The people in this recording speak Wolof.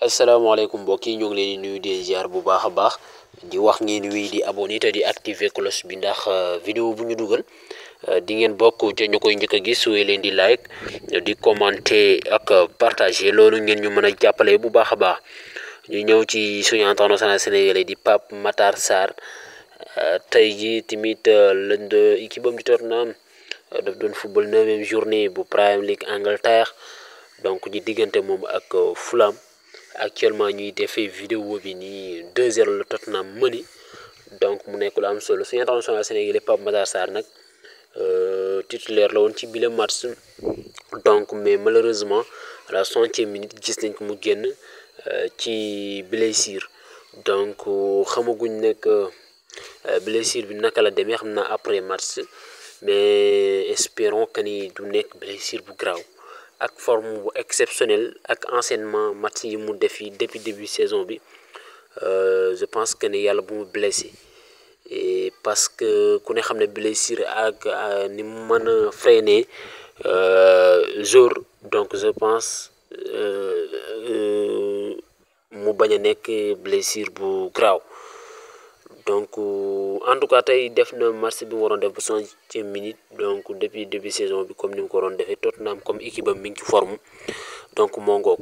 Assalamualaikum mbokk yi ñu ngi leen nuyu di ziar bu baaxa baax di wax ngeen wi di abonné te di activer cloche bi ndax euh, vidéo bu ñu duggal euh, di ngeen bokku ci ñu koy leen di like di commenter ak partager loolu ngeen ñu mëna jappalé bu baaxa baax ñu ñëw ci suñu international sénégalais di pap Matar sar euh, tay ji timit lën équipe di Tottenham daf doon football 9e journée bu prime League Angleterre donc di digënté mom ak Fulham actuellement ñuy defee vidéo bi 2-0 le Tottenham Money donc mu am solo international sénégalais euh, titulaire la ci donc mais malheureusement la centième minute gis nañ mu génn euh, ci blessure donc xamaguñ euh, blessure bi la après mars. mais espérons que ni du blessure bu grave ak forme exceptionnelle exceptionnelle ak enseignement match yi mu def depuis début saison euh, je pense que ne yàlla bu blessé et parce que ku ne xam ne blessure ak euh, euh, jour donc je pense mu bañ a blessure bu grave. donc euh, en tout cas tey def na match bi mu waroon def bu soixantième minute donc depuis début saison bi comme ni mu ko waroon defee Tottenham comme équipe am mi ngi ci forme donc moo